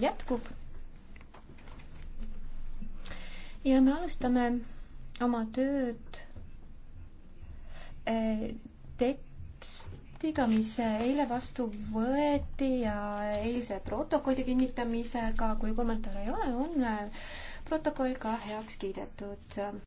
jätkub. ja me alustame oma tööd eh, tekstiga, mis eile vastu võeti ja eilse protokolli kinnitamisega, kui kommentaare ei ole, on eh, protokoll ka heaks kiidetud.